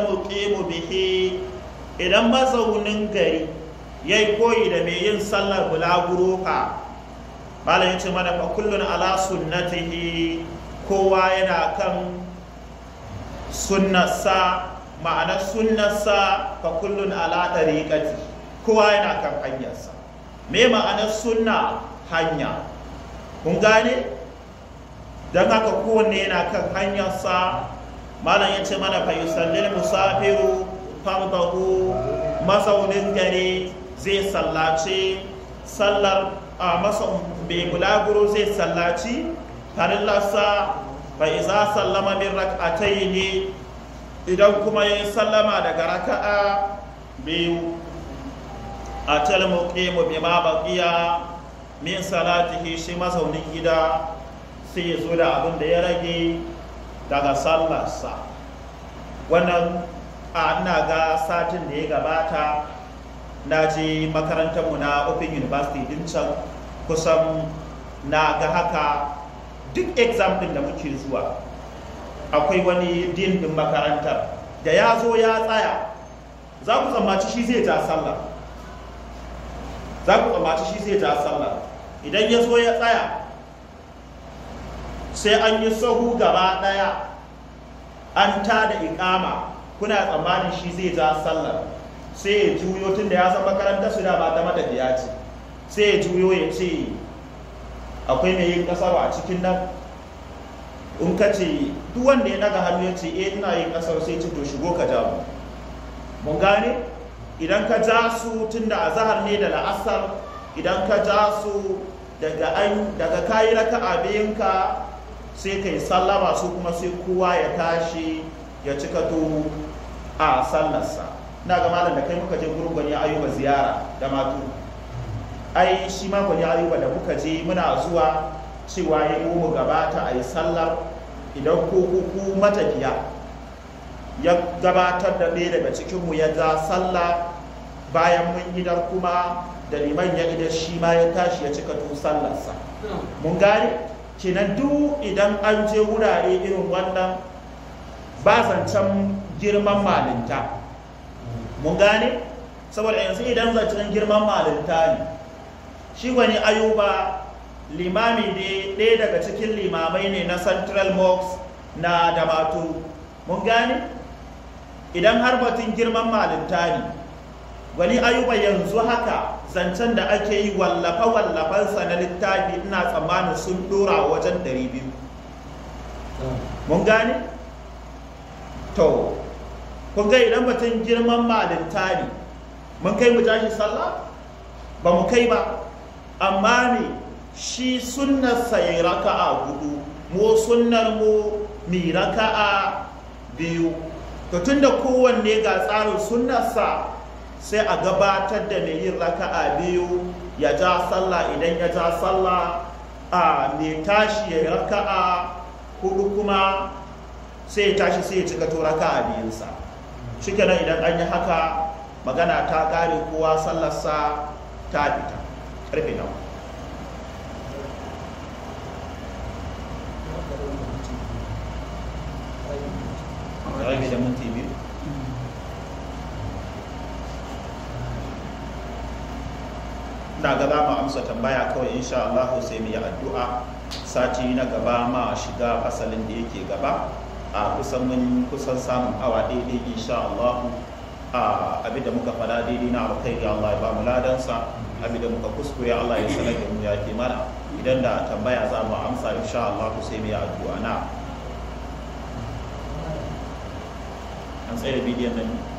muqimu bihi idan mazaunin gari yayi koyi da mai yin sallar bulaguro ka malam yace mana fa kullun ala sunnatihi kowa yana kan sunnarsa ma'anar sunnarsa fa kullun ala tariqati kowa yana kan hanyarsa me ma'ana sunna hanya kun gane don haka kowanne yana kan hanyarsa malam ya ce mana fa yusallil musafiru fardahu masaunin gare zai sallace sallar a masa zai sallaci farillarsa fa iza sallama min rak'atai ne idan kuma ya sallama daga raka'a biyu a bi ma baqiya min salatihi shi mazaunin gida sai ya zo da abin da ya rage daga sallarsa wannan a ina ga satin da ya gabata na je makarantarmu na open university din can kusan na ga haka duk example da muke zuwa akwai wani din din makarantar da ya zo ya tsaya za ku tsammaci shi zai ja shi zai ja sallah idan ya zo ya tsaya sai an yi sahu gaba ɗaya an ta da ikama kuna tsammanin shi zai ja sallar sai ya juyo tun da ya san makaranta su da ba ta matafiya ce sai ya juyo ya ce akwai mai yin kasar a cikin nan in ka ce duk wanda ya daga hannu ya ce eh ina yin kasar sai ci to shigo ka ja mu mun gane idan ka ja su tun da azahar ne da la'asar idan ka ja su daga an daga kayi raka'a biyinka sai kai sallama su kuma sai kowa ya tashi ya cika to a sallarsa na ga malam da kai muka je gurin gwani ayuba ziyara da matu ai shi ma gwani ayuba da muka je muna zuwa cewa ya mu gabata a yi sallar idan ko ku matafiya ya gabatar da ɗaya daga cikinmu ya za sallah bayan mun gidan kuma da liman ya idan shi ma ya tashi ya cika tun sallarsa hmm. mun gane kinan duk idan an je wurare irin wannan ba zancen girman malinta mun gane saboda yanzu idan zancen girman malinta ne shi wani ayuba limami ne ɗaya daga cikin limamai ne na central mosque na damato mun gane idan har batun girman malinta ne wani ayuba yanzu haka zancen da ake yi wallafa sa na littafi ina tsammanin sun dora wajen 200 mun gane? to kun ga idan mutum girman ma ne mun kai mu tashi sallah ba mu kai ba amma ne shi sunnar ya raka'a hudu mu sunnar mu mi raka'a biyu to tunda kowanne ga tsarin sa. sai a gabatar da mai yin raka'a biyu ya ja sallah idan ya ja sallah a mai tashi ya raka'a hudu kuma sai ya tashi sai ya cika to raka'a biyunsa shikenan idan an yi haka magana ta kare kowa sallarsa ta fita karfe nawa da minti biyu ina ga za mu amsa tambaya kawai insha Allah sai mu yi addu'a sati na gaba ma shiga asalin da yake gaba a kusan mun kusan samun awa daidai insha Allah a abin muka fada daidai na alkhairi Allah ya ba mu ladansa abin da muka kuskure Allah ya sanar da mu ya ke mana idan da tambaya za mu amsa insha Allah sai mu yi addu'a na an tsaye bidiyon nan